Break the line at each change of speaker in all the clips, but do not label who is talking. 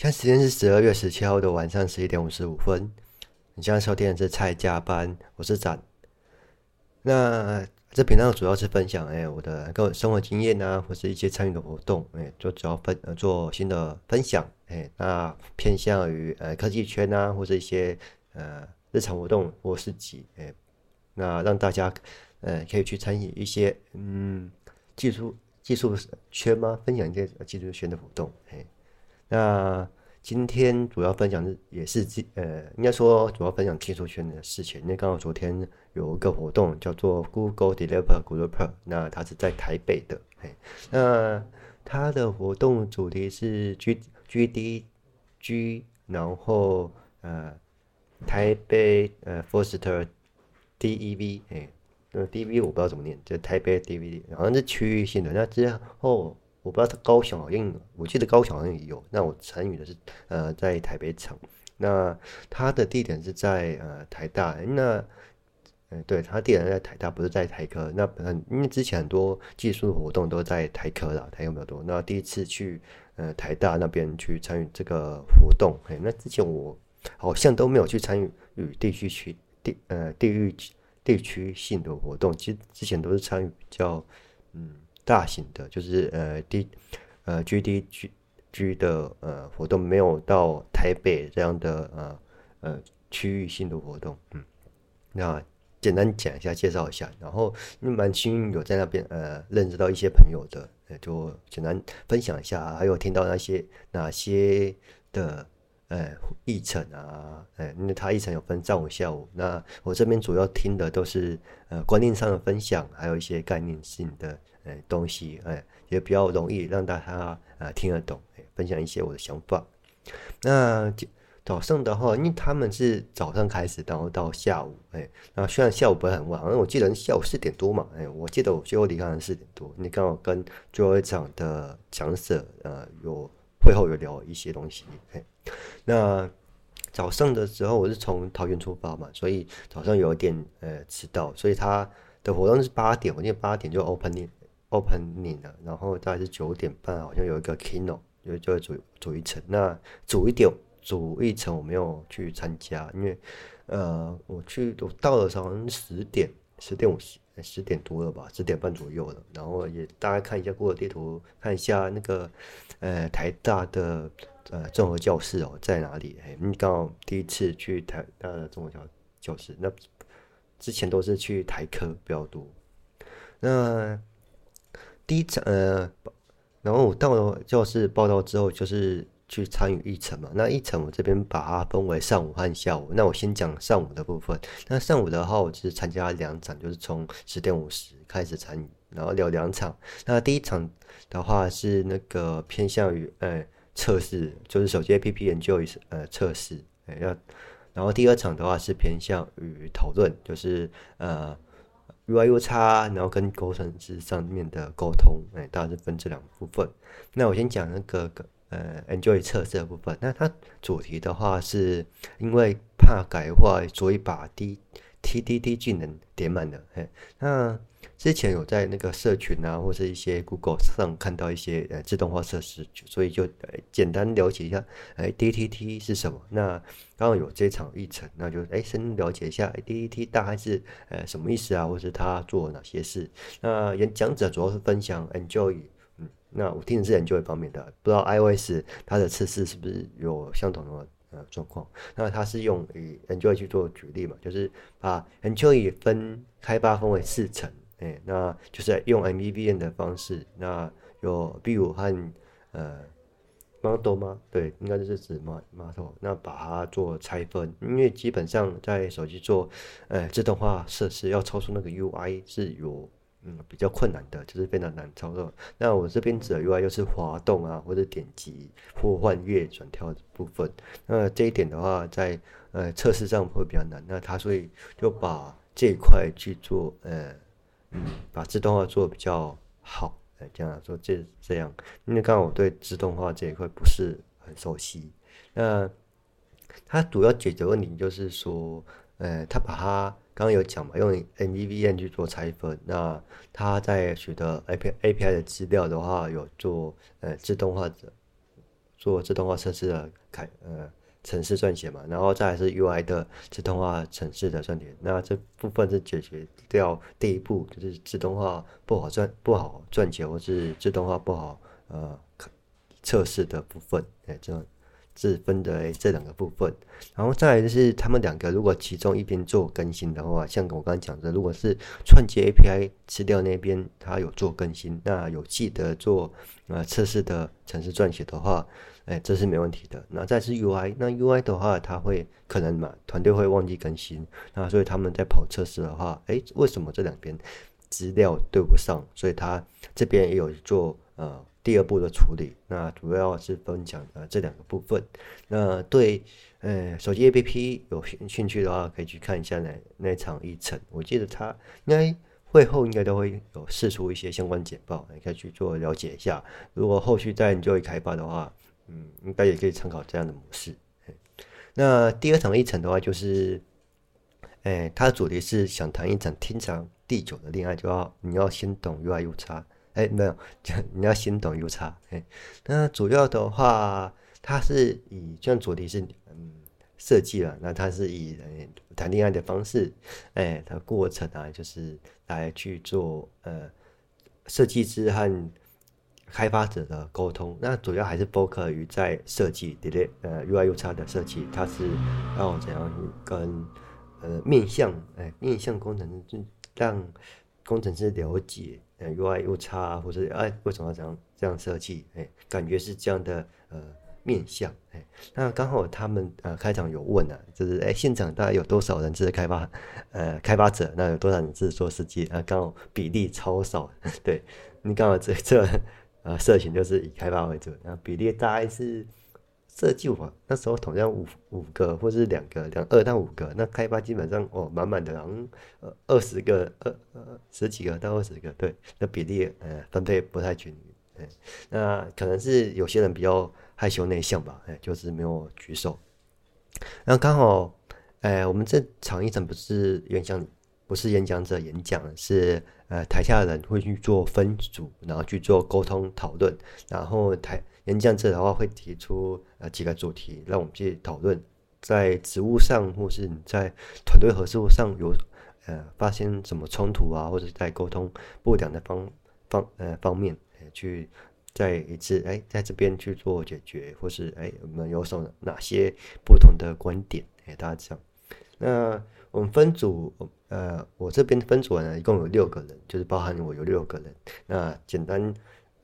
現在時間是十二月十七號的晚上十一點五十五分。你現在收聽的是菜《蔡加班》，我是展。那這頻道主要是分享誒、欸、我的個生活經驗吶、啊，或是一些參與的活動誒，做、欸、主要分呃做新的分享誒、欸，那偏向於呃科技圈吶、啊，或者一些呃日常活動我自己誒，那讓大家呃可以去參與一些嗯技術技術圈嗎？分享一些技術圈的活動誒。欸那今天主要分享的也是技呃，應該說主要分享技術圈的事情，因為剛好昨天有一個活動叫做 Google Developer Group，那它是在台北的，哎，那它的活動主題是 G G D G，然後呃台北呃 Foster D E V，哎，那 D V 我不知道怎麼念，就台北 D V D 好像是區域性的。那之後。我不知道他，高雄，我記得高雄也有。那我參與的是，呃，在台北場。那他的地點是在呃台大，那嗯，對，他地點在台大，不是在台科。那本身因為之前很多技術活動都在台科了，台科比較多。那第一次去呃台大那邊去參與這個活動誒，那之前我好像都沒有去參與與地區區地呃地域地區性的活動，其實之前都是參與比較嗯。大型的，就是呃 D 呃 GDG, g 的呃活動沒有到台北這樣的呃呃區域性的活動，嗯，那簡單講一下，介紹一下，然後你蠻幸運有在那邊呃認識到一些朋友的，就簡單分享一下，還有聽到那些哪些的。呃，議程啊，呃，因為它議程有分上午下午。那我這邊主要聽的都是呃觀念上的分享，還有一些概念性的呃東西，哎，也比較容易讓大家啊、呃、聽得懂。分享一些我的想法。那早上的話，因為他們是早上開始，然後到下午，哎，那、啊、雖然下午不是很晚，反正我記得下午四點多嘛，哎，我記得我最後離開的四點多。你剛好跟最後一場的講者呃有會後有聊一些東西，哎。那早上的時候我是從桃園出發嘛，所以早上有一點呃遲到，所以他的活動是八點，我像八點就 opening opening 了，然後大概是九點半，好像有一個 keynote，就就會走一層，那主一點主一層我沒有去參加，因為呃我去我到了好像十點十點五十十點多了吧，十點半左右了，然後也大家看一下 Google 地圖看一下那個呃台大的。呃，綜合教室哦，在哪裡？嘿、欸，你剛好第一次去台呃綜合教教室，那之前都是去台科比較多。那第一場呃，然後我到了教室報到之後，就是去參與議程嘛。那議程我這邊把它分為上午和下午。那我先講上午的部分。那上午的話，我只是參加兩場，就是從十點五十開始參與，然後聊兩場。那第一場的話是那個偏向於呃。欸測試就是手機 APP enjoy 呃，測試誒要、哎，然後第二場的話是偏向於討論，就是呃 UI UX，然後跟工程師上面的溝通誒、哎，大致分這兩部分。那我先講那個呃 enjoy 測試的部分，那它主題的話是因為怕改壞，所以把第。TDD 技能點滿了，嘿。那之前有在那個社群啊，或是一些 Google 上看到一些呃自動化設施，所以就、呃、簡單了解一下，哎、呃、，TDD 是什麼？那剛好有這場議程，那就哎先、呃、了解一下 TDD 大概是呃什麼意思啊，或是他做了哪些事？那演講者主要是分享 Android，嗯，那我聽的是 Android 方面的，不知道 iOS 它的測試是不是有相同的？呃，狀況，那它是用以 Android 去做舉例嘛，就是把 Android 分開發分為四層，誒、欸，那就是用 MVVM 的方式，那有 b 如和呃，Model 嗎？對，應該就是指 Model，那把它做拆分，因為基本上在手機做，呃、欸、自動化設施要超出那個 UI 是有。嗯，比較困難的就是非常難操作。那我這邊指的 UI 又是滑動啊，或者點擊或換越轉跳的部分。那這一點的話，在呃測試上會比較難。那他所以就把這一塊去做，呃、嗯，把自動化做比較好。呃、這樣說這這樣，因為剛好我對自動化這一塊不是很熟悉。那它主要解決問題就是說，呃，它把它。剛剛有講嘛，用 M V V M 去做拆分。那他在取得 A P A P I 的資料的話，有做呃自動化的做自動化測試的開呃程式撰寫嘛，然後再是 U I 的自動化程式的撰寫，那這部分是解決掉第一步就是，自動化不好賺不好賺錢，或是自動化不好呃測試的部分，哎、呃、這樣。自分的這兩個部分，然後再來就是他們兩個，如果其中一邊做更新的話，像我剛剛講的，如果是串接 API 吃掉那邊，他有做更新，那有記得做啊、呃、測試的程式撰寫的話，哎，這是沒問題的。那再是 UI，那 UI 的話，他會可能嘛團隊會忘記更新，那所以他們在跑測試的話，哎，為什麼這兩邊資料對不上？所以他這邊也有做呃。第二步的處理，那主要是分享呃這兩個部分。那對呃手機 APP 有興興趣的話，可以去看一下那那場議程。我記得他應該會後應該都會有釋出一些相關簡報，你、哎、可以去做了解一下。如果後續再你就會開發的話，嗯，應該也可以參考這樣的模式。那第二場議程的話，就是，哎，它的主題是想談一場天長地久的戀愛，就要你要先懂 UI UX。誒、欸，沒有，就你要先懂 UX。哎，那主要的話，它是以像主題是嗯設計了，那它是以談戀、欸、愛的方式，誒、欸，的過程啊就是來去做呃設計師和開發者的溝通。那主要還是包括於在設計，的不 呃，UI、UX 的設計，它是讓我怎樣跟呃面向誒，面向功能讓。工程師了解哎，UI、UX 啊，或者哎，為什麼要這樣這樣設計？哎，感覺是這樣的呃面相哎。那剛好他們呃開場有問呢、啊，就是哎，現場大概有多少人是開發呃開發者？那有多少人是做設計？啊，剛好比例超少。對，你剛好這這呃社群就是以開發為主，然後比例大概是。設計我那時候同樣五五個或是兩個兩二到五個，那開發基本上哦滿滿的，好二、呃、二十個二呃十幾個到二十個，對，那比例呃分配不太均勻，誒、哎，那可能是有些人比較害羞內向吧，誒、哎，就是沒有舉手。那剛好，誒、哎，我們這場議程不是演講，不是演講者演講，是呃台下的人會去做分組，然後去做溝通討論，然後台。演講者的話會提出呃幾個主題，讓我們去討論在，在職務上或是你在團隊合作上有呃發生什麼衝突啊,或者在溝通不良的方方呃方面，呃、去再一次哎在這邊去做解決，或是哎我們有什麼哪些不同的觀點給大家講。那我們分組呃，我這邊分組呢一共有六個人，就是包含我有六個人。那簡單。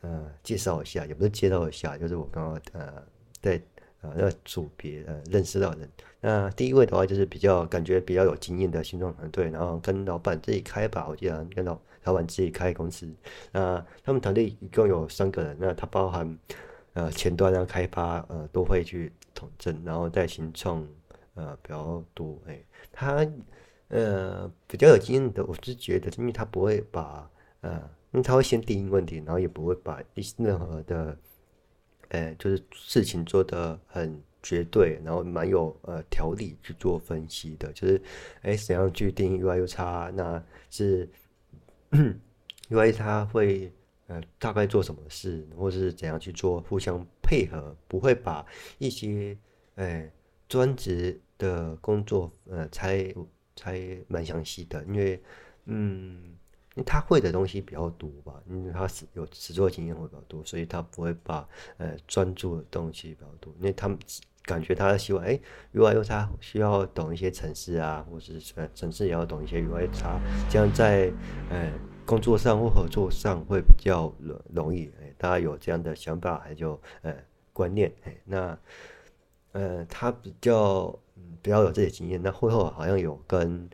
呃，介紹一下也不是介紹一下，就是我剛剛呃在呃那個組別呃認識到人。那、呃、第一位的話就是比較感覺比較有經驗的新創團隊，然後跟老闆自己開吧，我記得跟老老闆自己開公司。那、呃、他們團隊一共有三個人，那他包含呃前端啊、開發呃都會去統整，然後在新創呃比較多。哎、欸，他呃比較有經驗的，我是覺得，因為他不會把。嗯，那他會先定義問題，然後也不會把一些任何的，呃、欸，就是事情做得很絕對，然後蠻有呃條理去做分析的，就是哎、欸、怎樣去定義 UI UX，那是 UI 他會呃大概做什麼事，或是怎樣去做互相配合，不會把一些呃專職的工作呃拆拆蠻詳細的，因為嗯。因為他會的東西比較多吧，因為他是有實作經驗會比較多，所以他不會把呃專注的東西比較多，因為他們感覺他希望哎 UI/UX 需要懂一些程式啊，或者是、呃、程式也要懂一些 UI/UX，這樣在呃工作上或合作上會比較容易。誒，大家有這樣的想法還有呃觀念，誒，那呃他比較比較有這些經驗，那會後，後好像有跟。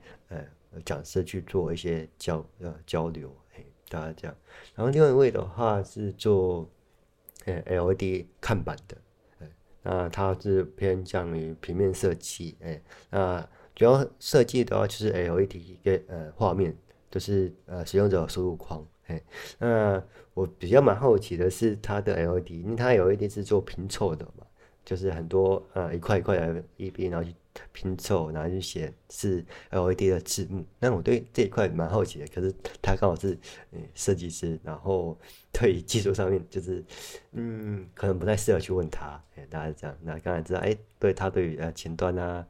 講師去做一些交呃交流，哎，大家這樣。然後另外一位的話是做呃 LED 看板的，哎，那他是偏向於平面設計，誒。那、呃、主要設計的話就是 LED 一個呃畫面，就是呃使用者的輸入框，誒。那、呃、我比較蠻好奇的是它的 LED，因為它 LED 是做拼湊的嘛。就是很多呃一塊一塊的 LED，然後去拼湊，然後去寫是 LED 的字幕。那、嗯、我對這一塊蠻好奇的，可是他剛好是嗯設計師，然後對技術上面就是嗯可能不太適合去問他。哎、欸，大概是這樣。那剛才知道哎、欸，對他對呃前端吶、啊，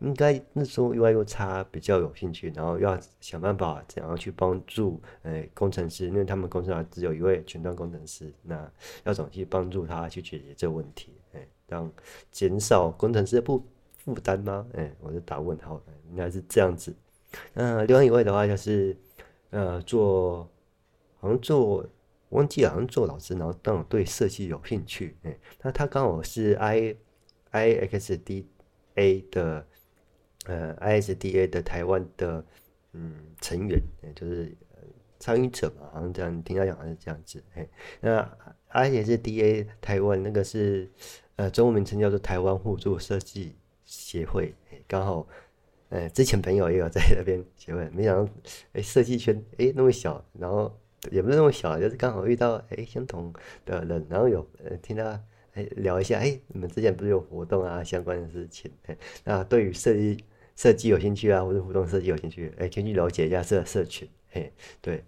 應該那時候 UI UX 比較有興趣，然後要想辦法怎樣去幫助呃、欸、工程師，因為他們公司啊只有一位前端工程師，那要怎麼去幫助他去解決這個問題？讓減少工程師的負負擔嗎？哎、欸，我就打問號。應該是這樣子。那另外一位的話就是，呃，做好像做，忘記好像做老師，然後但我對設計有興趣。哎、欸，那他剛好是 I I X D A 的，呃，I S D A 的台灣的嗯成員，欸、就是參與者嘛，好像這樣，聽他講是這樣子。哎、欸，那。他也、啊、是 DA 台灣那個是，呃，中文名稱叫做台灣互動設計協會，剛、欸、好，呃、欸，之前朋友也有在那邊協會，沒想到，哎、欸，設計圈哎、欸、那麼小，然後也不是那麼小，就是剛好遇到哎、欸、相同的人，然後有、呃、聽到哎、欸、聊一下，哎、欸，你們之前不是有活動啊，相關的事情，欸、那對於設計設計有興趣啊，或者互動設計有興趣，哎、欸，可以去了解一下社社群，嘿、欸，對，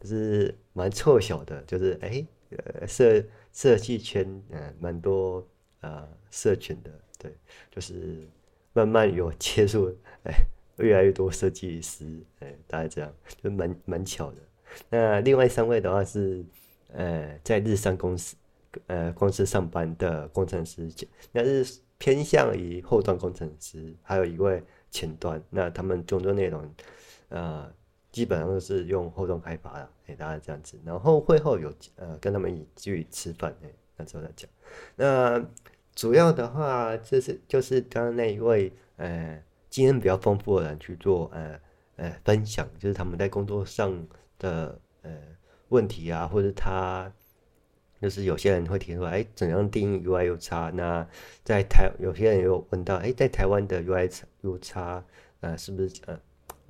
就是蠻湊巧的，就是哎。欸呃，設設計圈呃，蠻多呃社群的，對，就是慢慢有接觸，哎，越來越多設計師，哎，大概這樣，就蠻蠻巧的。那另外三位的話是呃在日商公司呃公司上班的工程師，那是偏向於後端工程師，還有一位前端，那他們工作內容，呃。基本上都是用互動開發啦，哎、欸，大概這樣子。然後會後有呃跟他們一起去吃飯、欸，那時候再講。那主要的話是就是就是剛剛那一位呃經驗比較豐富的人去做呃呃分享，就是他們在工作上的呃問題啊，或者他就是有些人會提出，哎、欸，怎樣定義 UI UX。U X, 那在台有些人又問到，哎、欸，在台灣的 UI UX，X, 呃是不是呃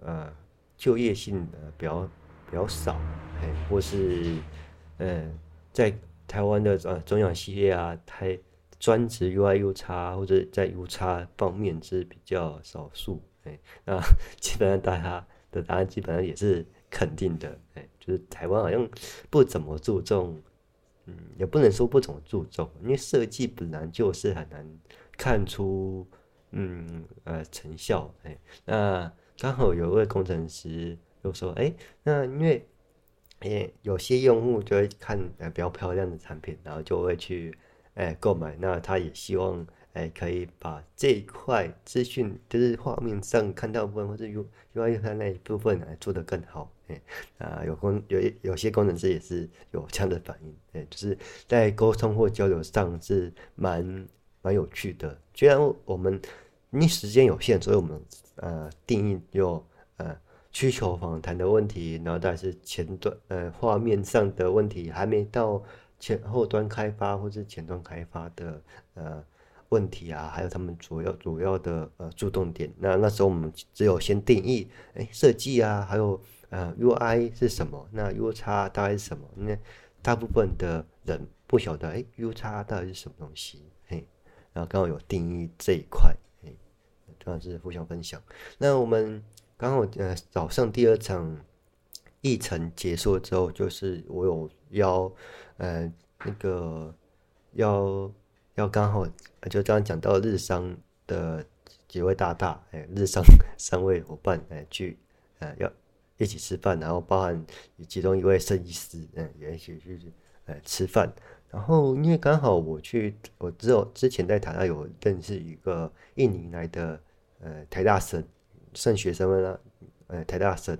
呃？呃就業性比較比較少，誒、欸，或是嗯，在台灣的呃中小企業啊，台專職 UIUX 或者在 UX 方面是比較少數，誒、欸，那基本上大家的答案基本上也是肯定的，誒、欸，就是台灣好像不怎麼注重，嗯，也不能說不怎麼注重，因為設計本來就是很難看出嗯呃成效，誒、欸，那。剛好有一位工程師就說：“哎，那因為誒，有些用戶就會看呃比較漂亮的產品，然後就會去誒購買。那他也希望誒可以把這一塊資訊，就是畫面上看到的部分，或者用，另外他那一部分來做得更好。哎，啊、呃，有工有有些工程師也是有這樣的反應。哎，就是在溝通或交流上是蠻蠻，蠻有趣的。雖然我們因時間有限，所以我們。”呃，定義有呃需求訪談的問題，然後再是前端呃畫面上的問題，還沒到前後端開發或是前端開發的呃問題啊，還有他們主要主要的呃注動點。那那時候我們只有先定義哎設計啊，還有呃 UI 是什麼？那 u 差大概是什麼？那大部分的人不曉得哎，u 差到底是什麼東西？嘿，然後剛好有定義這一塊。算是互相分享。那我們剛好呃早上第二場議程結束之後，就是我有邀呃那個要要剛好就剛剛講到日商的幾位大大哎、欸、日商三位夥伴哎、欸、去哎、呃、要一起吃飯，然後包含其中一位設計師嗯、欸、也一起去呃吃飯。然後因為剛好我去我只有之前在台上有認識一個印尼來的。呃，台大生，剩學生們、啊，呃，台大生，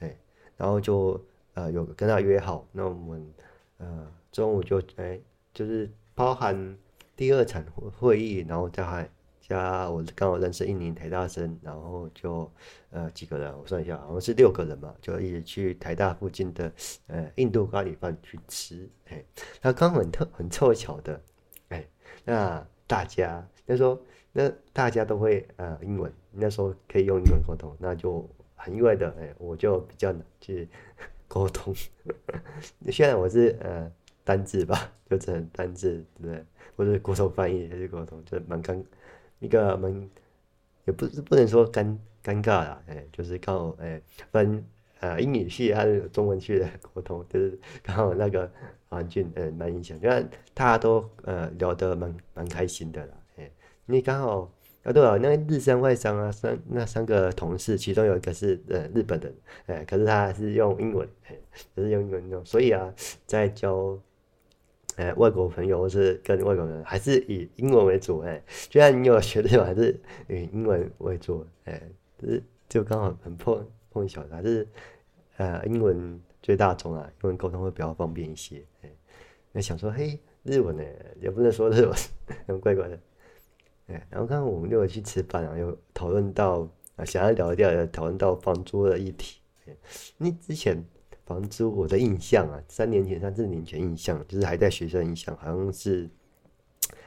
哎，然後就呃有跟他約好，那我們呃中午就哎就是包含第二場會議，然後再還加我剛好認識印尼台大生，然後就呃幾個人，我算一下，好像是六個人嘛，就一起去台大附近的呃印度咖喱飯去吃，哎，他剛好很特很湊巧的，哎，那大家他說。那大家都會呃英文，那時候可以用英文溝通，那就很意外的哎、欸，我就比較難去溝通。 雖然我是呃單字吧，就只、是、能單字對不對？或者國手翻譯還是溝通，就蠻尷一個蠻也不是不能說尷尷尬啦哎、欸，就是靠哎、欸、分呃英語還是中文去的溝通，就是剛好那個環境、啊、呃蠻影響，但大家都呃聊得蠻蠻開心的啦。你剛好啊，對啊，那個日商外商啊，三那三個同事，其中有一個是呃日本的，哎、欸，可是他是用英文，就、欸、是用英文用，所以啊，在交哎、呃、外國朋友或是跟外國人，還是以英文為主哎、欸，雖然你有學日文，還是以英文為主哎，就、欸、是就剛好很碰碰巧的、啊，還、就是呃英文最大眾啊，英文溝通會比較方便一些哎，那、欸、想說嘿日文呢、欸，也不能說日文，怪怪的。然後剛剛我們又去吃飯，然後又討論到，啊，想要聊一聊討論到房租的議題。你之前房租我的印象啊，三年前，三四年前印象就是還在學生印象，好像是，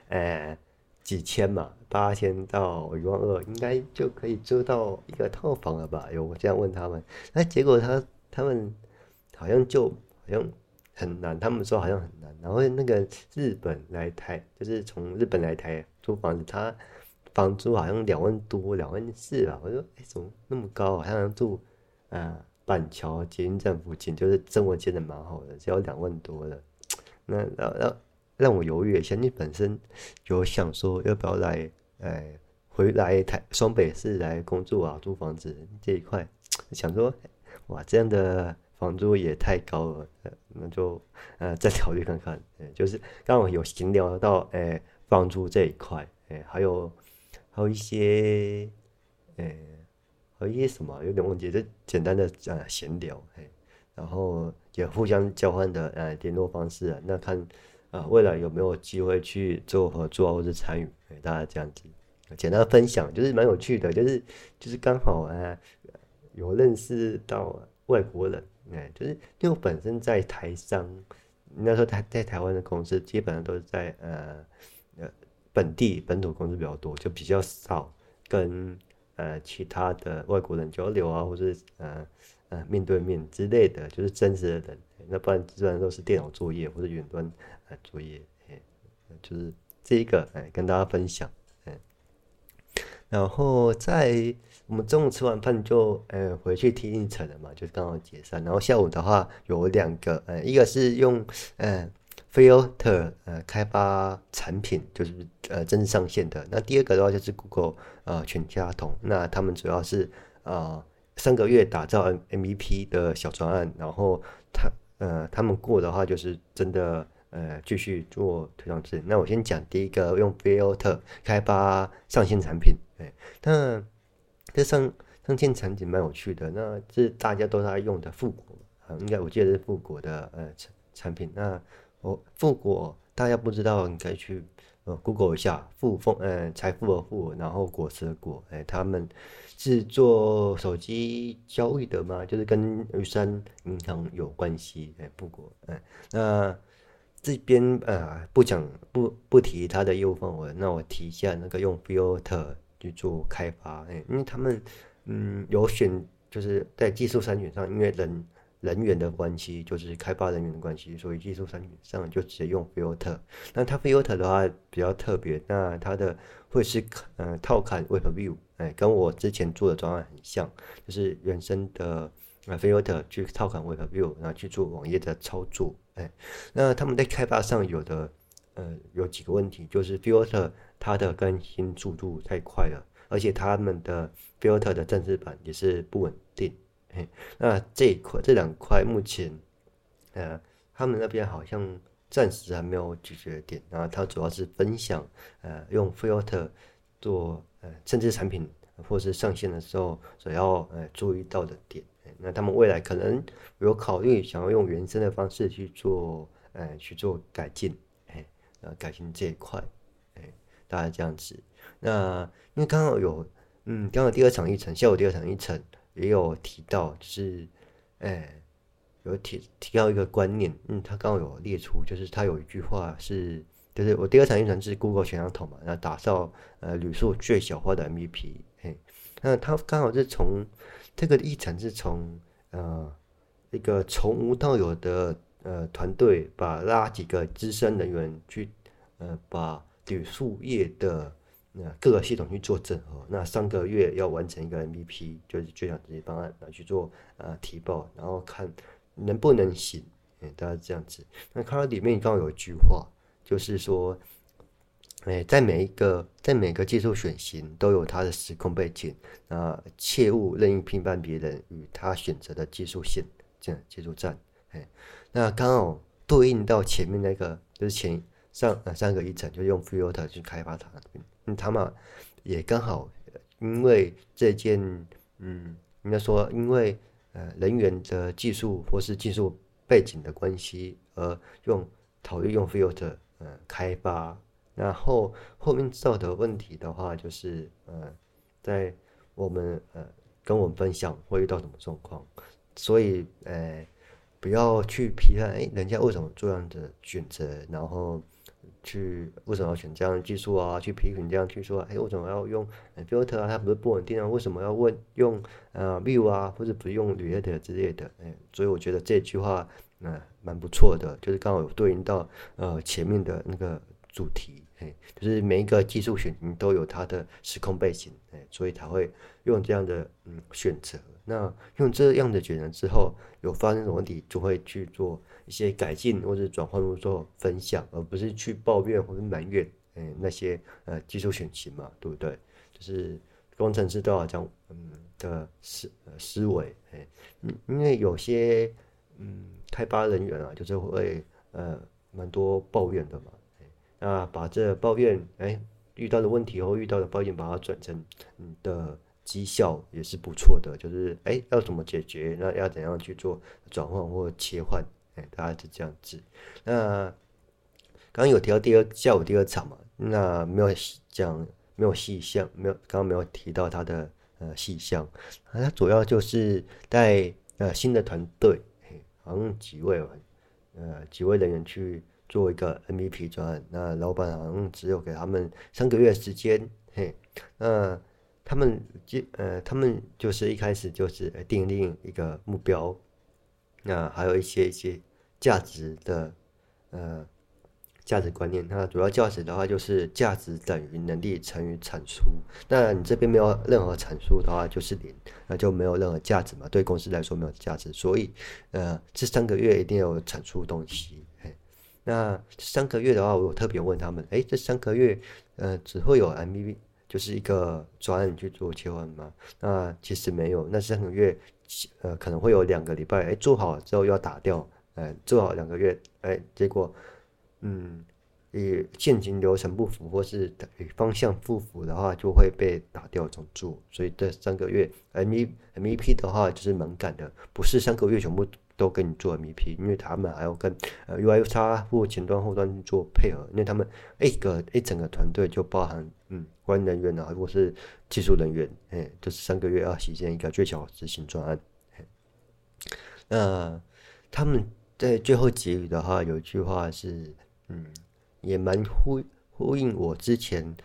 呃，幾千嘛，八千到一萬二，應該就可以租到一個套房了吧？有，呃，我這樣問他們，哎，結果他他們好像就好像很難，他們說好像很難。然後那個日本來台，就是從日本來台。租房子，他房租好像兩萬多，兩萬四吧、啊。我說，哎，怎麼那麼高好、啊、像住，呃，板橋捷運站附近，就是正我建的蠻好的，只要兩萬多的。那讓讓、啊啊、讓我猶豫一下，你本身有想說要不要來，哎、呃，回來台雙北市來工作啊？租房子這一塊，想說，哇，這樣的房租也太高了，呃、那就呃再考慮看看、呃。就是剛我有閒聊到，哎、呃。幫助這一塊，哎、欸，還有還有一些，哎、欸，和一些什麼？有點問題，就簡單的講閒聊、欸，然後也互相交換的，呃、聯絡方式，那看啊、呃，未來有沒有機會去做合作或者參與？大家這樣子簡單分享，就是蠻有趣的，就是就是剛好啊，有認識到外國人，哎、欸，就是因為我本身在台商，那時候在在台灣的公司基本上都是在呃。本地本土公司比較多，就比較少跟呃其他的外國人交流啊，或者呃呃面對面之類的，就是真實的人。欸、那不然基本上都是電腦作業或者遠端呃作業，誒、呃欸，就是這一個誒、欸，跟大家分享，誒、欸，然後在我們中午吃完飯就哎、欸、回去聽議程了嘛，就是剛好解散。然後下午的話有兩個，誒、欸，一個是用誒。欸 Flutter 呃開發產品，就是呃正上線的。那第二個的話就是 Google 呃全家桶，那他們主要是啊三、呃、個月打造 M MVP 的小專案，然後他呃他們過的話就是真的呃繼續做推廣式。那我先講第一個用 Flutter 開發上線產品，哎，那這上上線產品蠻有趣的。那這大家都在用的復古啊，應、嗯、該我記得是復古的呃產產品那。哦，富果大家不知道，你可以去呃 Google 一下，呃、富豐呃財富的富，然後果實的果，誒、哎，他們是做手機交易的嘛，就是跟玉山銀行有關係，誒、哎，富果，誒、哎，那這邊呃不講不不提他的業務範圍，那我提一下那個用 Flutter 去做開發，誒、哎，因為他們嗯有選就是在技術篩選上，因為人。人員的關係就是開發人員的關係，所以技術上上就直接用 Flutter。那它 Flutter 的話比較特別，那它的會是呃套殼 WebView 哎、欸，跟我之前做的方案很像，就是原生的啊 Flutter 去套殼 WebView，然後去做網頁的操作哎、欸。那他們在開發上有的呃有幾個問題，就是 Flutter 它的更新速度太快了，而且他們的 Flutter 的正式版也是不穩定。嘿，那這一塊，這兩塊目前，呃，他們那邊好像暫時還沒有解決點。然後，他主要是分享，呃，用 Flutter 做，呃，測試產品或是上線的時候所要，呃，注意到的點。那他們未來可能有考慮，想要用原生的方式去做，呃，去做改進，哎，呃，改進這一塊，哎，大概這樣子。那因為剛好有，嗯，剛好第二場議程，下午第二場議程。也有提到，就是，哎，有提提到一個觀念，嗯，他剛好有列出，就是他有一句話是，就是我第二場議程是 Google 全家餐嘛，然後打造呃旅宿最小化的 MVP，哎，那他剛好是從這個議程是從呃一個從無到有的呃團隊，把拉幾個資深人員去呃把旅宿業的。那各個系統去做整合，那上個月要完成一個 MVP，就是最小解決方案，然後去做啊提報，然後看能不能行。嗯，大概這樣子。那看到裡面剛好有一句話，就是說，哎，在每一個在每個技術選型都有它的時空背景啊，切勿任意評判別人與他選擇的技術線這樣技術棧。哎，那剛好對應到前面那個，就是前上呃上個一層就用 Flutter 去開發它。嗯，他們也剛好，因為這件，嗯，應該說因為呃人員的技術或是技術背景的關係，而用考慮用 Flutter 呃開發，然後後面知道的問題的話，就是呃在我們呃跟我們分享會遇到什麼狀況，所以呃不要去批判，哎、欸，人家為什麼做這樣的選擇，然後。去為什麼要選這樣的技術啊？去批評這樣去說，啊，哎，為什麼要用 Flutter 啊？它不是不穩定啊？為什麼要問用、呃、Vue 啊，或者不用 reader 之類的？哎，所以我覺得這句話嗯、呃、蠻不錯的，就是剛好有對應到呃前面的那個主題，哎，就是每一個技術選型都有它的時空背景，哎，所以才會用這樣的嗯選擇。那用這樣的選擇之後，有發生什麼問題就會去做一些改進或者轉換，或做分享，而不是去抱怨或者埋怨，欸、那些呃技術選型嘛，對不對？就是工程師都要講，嗯的思、呃、思維、欸，嗯，因為有些嗯開發人員啊，就是會呃蠻多抱怨的嘛、欸，那把這抱怨，哎、欸、遇到的問題或遇到的抱怨，把它轉成嗯的績效也是不錯的，就是哎、欸、要怎麼解決，那要怎樣去做轉換或切換。哎，大家就這樣子。那剛剛有提到第二下午第二場嘛，那沒有講，沒有細項，沒有剛剛沒有提到他的呃細項。那、啊、他主要就是帶呃新的團隊，嘿好像幾位吧，呃幾位人員去做一個 MVP 專案。那老闆好像只有給他們三個月時間。嘿，那、呃、他們就呃他們就是一開始就是訂定立一個目標。那還有一些一些價值的，呃，價值觀念。那主要價值的話就是價值等於能力乘以產出。那你這邊沒有任何產出的話，就是零，那就沒有任何價值嘛。對公司來說沒有價值，所以，呃，這三個月一定要產出東西。哎，那這三個月的話，我有特別問他們，哎，這三個月，呃，只會有 MVP，就是一個專案去做切換嗎？那，呃，其實沒有，那三個月。呃，可能會有兩個禮拜，哎，做好之後要打掉，哎，做好兩個月，哎，結果，嗯，與現行流程不符或是方向不符的話，就會被打掉重做。所以這三個月，MVP 的話就是門檻的，不是三個月全部。都跟你做 MVP 因為他們還要跟呃 UI 設計或前端後端做配合，因為他們一個一整個團隊就包含嗯管理人員啊，或是技術人員，誒，就是三個月要實現一個最小執行專案。那、呃、他們在最後結語的話，有一句話是嗯，也蠻呼呼應我之前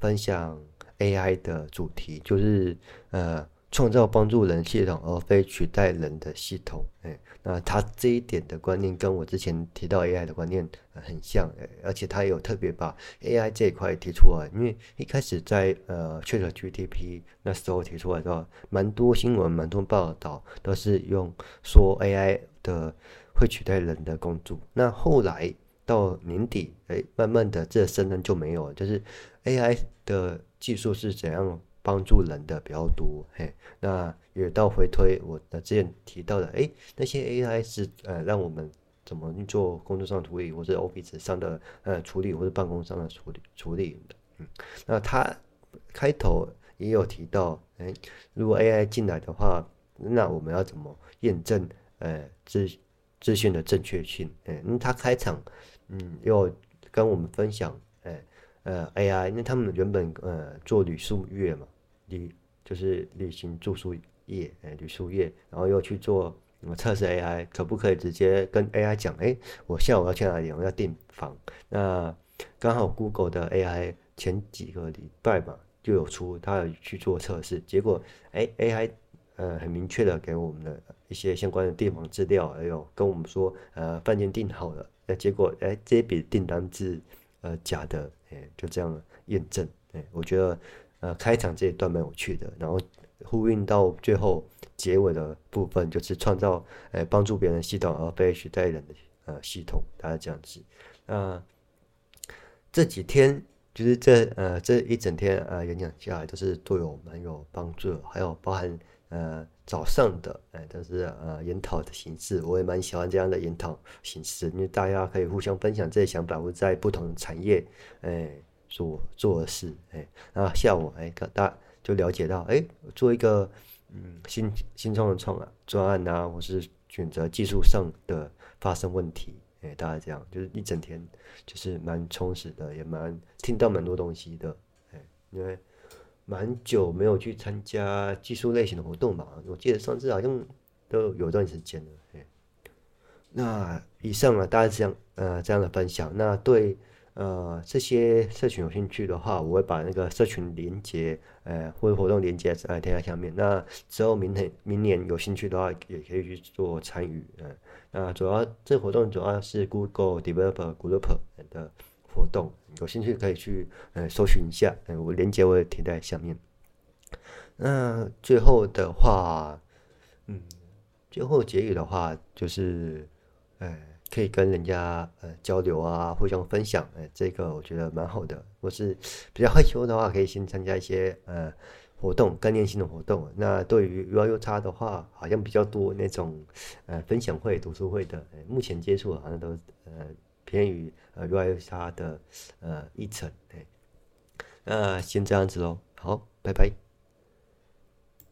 分享 AI 的主題，就是呃。創造幫助人系統，而非取代人的系統。誒，那他這一點的觀念跟我之前提到 AI 的觀念很像，而且他有特別把 AI 這一塊提出來。因為一開始在呃，ChatGPT 那時候提出來的話，蠻多新聞，蠻多報道都是用說 AI 的會取代人的工作。那後來到年底，誒，慢慢的這聲音就沒有了，就是 AI 的技術是怎樣？幫助人的比較多，嘿，那也倒回推，我的之前提到的，哎、欸，那些 AI 是呃讓我們怎麼去做工作上的處理，或是 Office 上的呃處理，或是辦公上的處理處理嗯，那他開頭也有提到，誒、欸，如果 AI 進來的話，那我們要怎麼驗證呃資資訊的正確性？欸、因那他開場嗯又跟我們分享，誒、欸，呃 AI，因為他們原本呃做旅宿業嘛。旅就是旅行住宿業，誒旅宿業，然後又去做什麼、嗯、測試 AI，可不可以直接跟 AI 講？誒我下午要去哪裡，我要訂房。那剛好 Google 的 AI 前幾個禮拜吧就有出，他有去做測試，結果誒 AI 呃很明確的給我們的一些相關的地方資料，還有跟我們說，呃，飯店訂好了。那結果誒這一筆訂單是呃假的，誒就這樣驗證。誒我覺得。呃，開場這一段蠻有趣的，然後呼應到最後結尾的部分，就是創造呃幫助別人的系統，而非取代人的呃系統，大概這樣子。呃，這幾天就是這呃這一整天啊、呃，演講下來都是對我蠻有幫助，還有包含呃早上的呃，都、就是呃研討的形式，我也蠻喜歡這樣的研討形式，因為大家可以互相分享這些想法，我在不同的產業哎。呃做做的事，哎，那下午，哎，大家就了解到，哎，做一個，嗯，新新創的創案、啊、專案吶、啊，或是選擇技術上的發生問題，哎，大家這樣就是一整天就是蠻充實的，也蠻聽到蠻多東西的，哎，因為蠻久沒有去參加技術類型的活動嘛，我記得上次好像都有段時間了，哎，那以上啊，大家這樣呃這樣的分享，那對。呃，這些社群有興趣的話，我會把那個社群連接，呃，或者活動連接，在填在下面。那之後明天明年有興趣的話，也可以去做參與，嗯、呃，那主要這活動主要是 Google Developer Group 的活動，有興趣可以去呃搜尋一下，呃、我連接我也填在下面。那最後的話，嗯，最後結語的話就是，呃。可以跟人家呃交流啊，互相分享，哎，這個我覺得蠻好的。或是比較害羞的話，可以先參加一些呃活動，概念性的活動。那對於 UI UX 的話，好像比較多那種呃分享會、讀書會的。誒目前接觸好像都呃偏於 U 呃 UI UX 的呃議程。哎，那先這樣子嘍。好，拜拜。